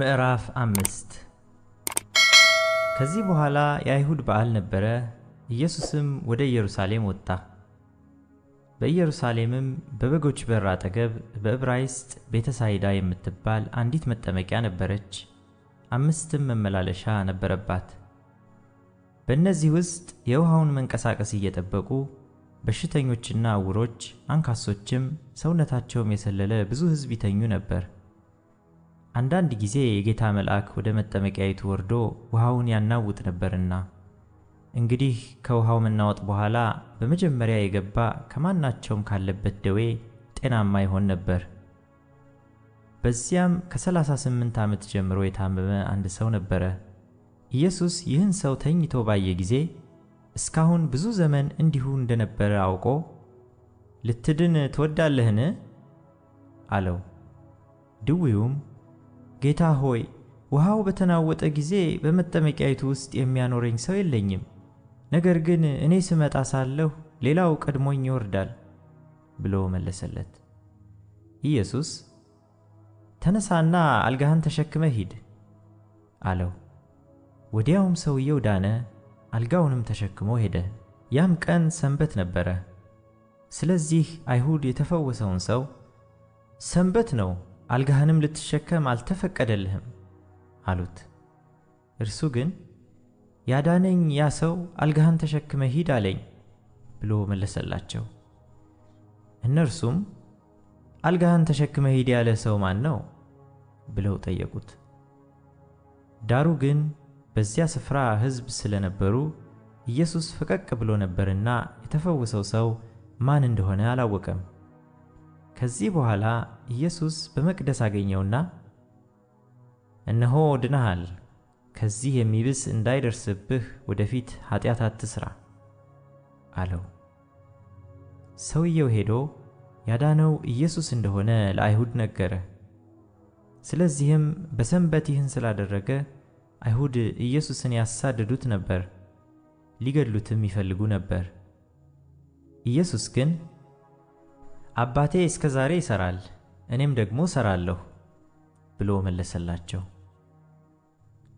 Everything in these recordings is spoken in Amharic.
ምዕራፍ አምስት ከዚህ በኋላ የአይሁድ በዓል ነበረ። ኢየሱስም ወደ ኢየሩሳሌም ወጣ። በኢየሩሳሌምም በበጎች በር አጠገብ በዕብራይስጥ ቤተሳይዳ የምትባል አንዲት መጠመቂያ ነበረች፣ አምስትም መመላለሻ ነበረባት። በእነዚህ ውስጥ የውሃውን መንቀሳቀስ እየጠበቁ በሽተኞችና ዕውሮች፣ አንካሶችም ሰውነታቸውም የሰለለ ብዙ ሕዝብ ይተኙ ነበር። አንዳንድ ጊዜ የጌታ መልአክ ወደ መጠመቂያይቱ ወርዶ ውሃውን ያናውጥ ነበርና እንግዲህ ከውሃው መናወጥ በኋላ በመጀመሪያ የገባ ከማናቸውም ካለበት ደዌ ጤናማ ይሆን ነበር። በዚያም ከ38 ዓመት ጀምሮ የታመመ አንድ ሰው ነበረ። ኢየሱስ ይህን ሰው ተኝቶ ባየ ጊዜ እስካሁን ብዙ ዘመን እንዲሁ እንደነበረ አውቆ ልትድን ትወዳለህን? አለው። ድዌውም ጌታ ሆይ ውሃው በተናወጠ ጊዜ በመጠመቂያይቱ ውስጥ የሚያኖረኝ ሰው የለኝም። ነገር ግን እኔ ስመጣ ሳለሁ ሌላው ቀድሞኝ ይወርዳል ብሎ መለሰለት። ኢየሱስ ተነሳና አልጋህን ተሸክመ ሂድ አለው። ወዲያውም ሰውየው ዳነ፣ አልጋውንም ተሸክሞ ሄደ። ያም ቀን ሰንበት ነበረ። ስለዚህ አይሁድ የተፈወሰውን ሰው ሰንበት ነው አልጋህንም ልትሸከም አልተፈቀደልህም አሉት። እርሱ ግን ያዳነኝ ያ ሰው አልጋህን ተሸክመ ሂድ አለኝ ብሎ መለሰላቸው። እነርሱም አልጋህን ተሸክመ ሂድ ያለ ሰው ማን ነው ብለው ጠየቁት። ዳሩ ግን በዚያ ስፍራ ሕዝብ ስለነበሩ ኢየሱስ ፈቀቅ ብሎ ነበርና የተፈወሰው ሰው ማን እንደሆነ አላወቀም። ከዚህ በኋላ ኢየሱስ በመቅደስ አገኘውና እነሆ ድነሃል፣ ከዚህ የሚብስ እንዳይደርስብህ ወደፊት ኃጢአት አትሥራ አለው። ሰውየው ሄዶ ያዳነው ኢየሱስ እንደሆነ ለአይሁድ ነገረ። ስለዚህም በሰንበት ይህን ስላደረገ አይሁድ ኢየሱስን ያሳድዱት ነበር፣ ሊገድሉትም ይፈልጉ ነበር። ኢየሱስ ግን አባቴ እስከ ዛሬ ይሠራል፣ እኔም ደግሞ እሠራለሁ ብሎ መለሰላቸው።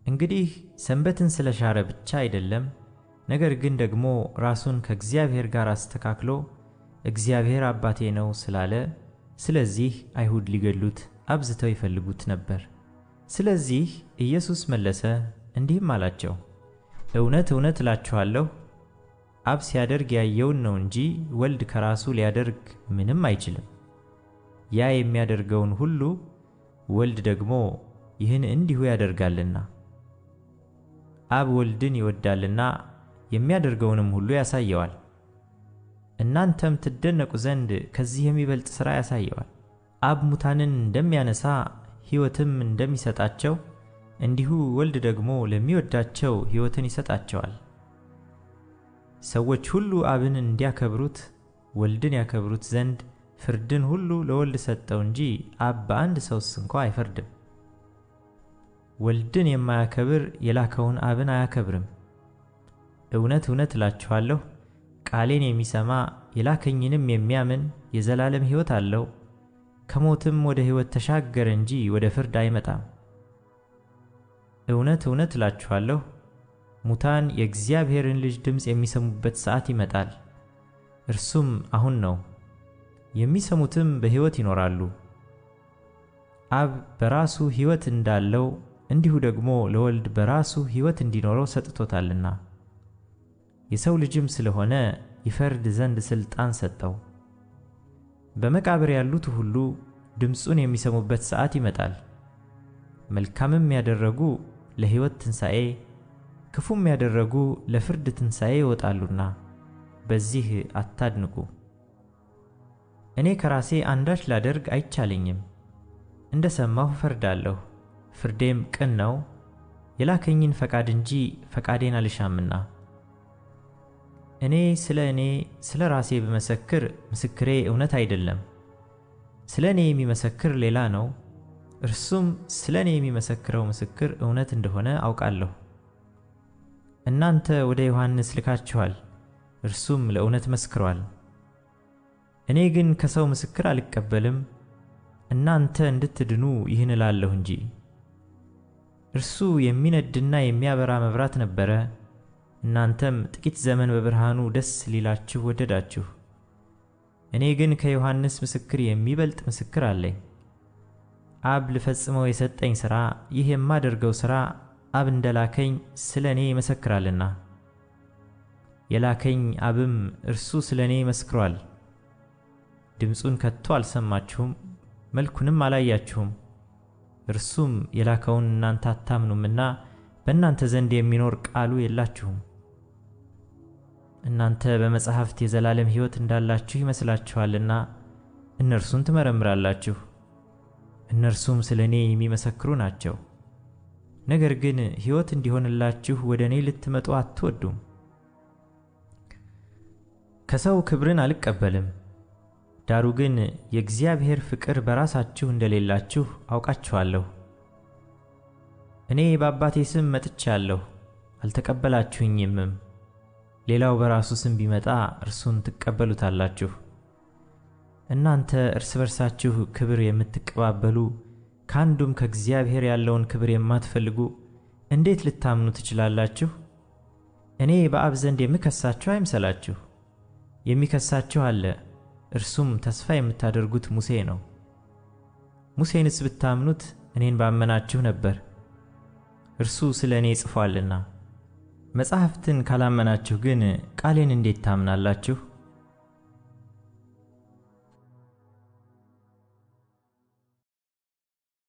እንግዲህ ሰንበትን ስለሻረ ብቻ አይደለም፣ ነገር ግን ደግሞ ራሱን ከእግዚአብሔር ጋር አስተካክሎ እግዚአብሔር አባቴ ነው ስላለ፣ ስለዚህ አይሁድ ሊገሉት አብዝተው ይፈልጉት ነበር። ስለዚህ ኢየሱስ መለሰ እንዲህም አላቸው፣ እውነት እውነት እላችኋለሁ አብ ሲያደርግ ያየውን ነው እንጂ ወልድ ከራሱ ሊያደርግ ምንም አይችልም። ያ የሚያደርገውን ሁሉ ወልድ ደግሞ ይህን እንዲሁ ያደርጋልና አብ ወልድን ይወዳልና የሚያደርገውንም ሁሉ ያሳየዋል። እናንተም ትደነቁ ዘንድ ከዚህ የሚበልጥ ሥራ ያሳየዋል። አብ ሙታንን እንደሚያነሳ ሕይወትም እንደሚሰጣቸው እንዲሁ ወልድ ደግሞ ለሚወዳቸው ሕይወትን ይሰጣቸዋል። ሰዎች ሁሉ አብን እንዲያከብሩት ወልድን ያከብሩት ዘንድ ፍርድን ሁሉ ለወልድ ሰጠው እንጂ አብ በአንድ ሰውስ እንኳ አይፈርድም። ወልድን የማያከብር የላከውን አብን አያከብርም። እውነት እውነት እላችኋለሁ ቃሌን የሚሰማ የላከኝንም የሚያምን የዘላለም ሕይወት አለው፣ ከሞትም ወደ ሕይወት ተሻገረ እንጂ ወደ ፍርድ አይመጣም። እውነት እውነት እላችኋለሁ ሙታን የእግዚአብሔርን ልጅ ድምፅ የሚሰሙበት ሰዓት ይመጣል፣ እርሱም አሁን ነው፤ የሚሰሙትም በሕይወት ይኖራሉ። አብ በራሱ ሕይወት እንዳለው እንዲሁ ደግሞ ለወልድ በራሱ ሕይወት እንዲኖረው ሰጥቶታልና የሰው ልጅም ስለሆነ ይፈርድ ዘንድ ሥልጣን ሰጠው። በመቃብር ያሉት ሁሉ ድምፁን የሚሰሙበት ሰዓት ይመጣል። መልካምም ያደረጉ ለሕይወት ትንሣኤ ክፉም ያደረጉ ለፍርድ ትንሣኤ ይወጣሉና በዚህ አታድንቁ። እኔ ከራሴ አንዳች ላደርግ አይቻለኝም፤ እንደ ሰማሁ ፈርዳለሁ፤ ፍርዴም ቅን ነው፣ የላከኝን ፈቃድ እንጂ ፈቃዴን አልሻምና። እኔ ስለ እኔ ስለ ራሴ ብመሰክር ምስክሬ እውነት አይደለም። ስለ እኔ የሚመሰክር ሌላ ነው፣ እርሱም ስለ እኔ የሚመሰክረው ምስክር እውነት እንደሆነ አውቃለሁ። እናንተ ወደ ዮሐንስ ልካችኋል፣ እርሱም ለእውነት መስክሯል። እኔ ግን ከሰው ምስክር አልቀበልም፣ እናንተ እንድትድኑ ይህን እላለሁ እንጂ። እርሱ የሚነድና የሚያበራ መብራት ነበረ፣ እናንተም ጥቂት ዘመን በብርሃኑ ደስ ሊላችሁ ወደዳችሁ። እኔ ግን ከዮሐንስ ምስክር የሚበልጥ ምስክር አለኝ። አብ ልፈጽመው የሰጠኝ ሥራ ይህ የማደርገው ሥራ አብ እንደላከኝ ስለ እኔ ይመሰክራልና የላከኝ አብም እርሱ ስለ እኔ መስክሯል። ድምፁን ከቶ አልሰማችሁም፣ መልኩንም አላያችሁም። እርሱም የላከውን እናንተ አታምኑምና በእናንተ ዘንድ የሚኖር ቃሉ የላችሁም። እናንተ በመጻሕፍት የዘላለም ሕይወት እንዳላችሁ ይመስላችኋልና እነርሱን ትመረምራላችሁ፣ እነርሱም ስለ እኔ የሚመሰክሩ ናቸው። ነገር ግን ሕይወት እንዲሆንላችሁ ወደ እኔ ልትመጡ አትወዱም። ከሰው ክብርን አልቀበልም፤ ዳሩ ግን የእግዚአብሔር ፍቅር በራሳችሁ እንደሌላችሁ አውቃችኋለሁ። እኔ በአባቴ ስም መጥቻለሁ፣ አልተቀበላችሁኝምም። ሌላው በራሱ ስም ቢመጣ እርሱን ትቀበሉታላችሁ። እናንተ እርስ በርሳችሁ ክብር የምትቀባበሉ ከአንዱም ከእግዚአብሔር ያለውን ክብር የማትፈልጉ እንዴት ልታምኑ ትችላላችሁ? እኔ በአብ ዘንድ የምከሳችሁ አይምሰላችሁ። የሚከሳችሁ አለ፣ እርሱም ተስፋ የምታደርጉት ሙሴ ነው። ሙሴንስ ብታምኑት እኔን ባመናችሁ ነበር፣ እርሱ ስለ እኔ ጽፏልና። መጻሕፍትን ካላመናችሁ ግን ቃሌን እንዴት ታምናላችሁ?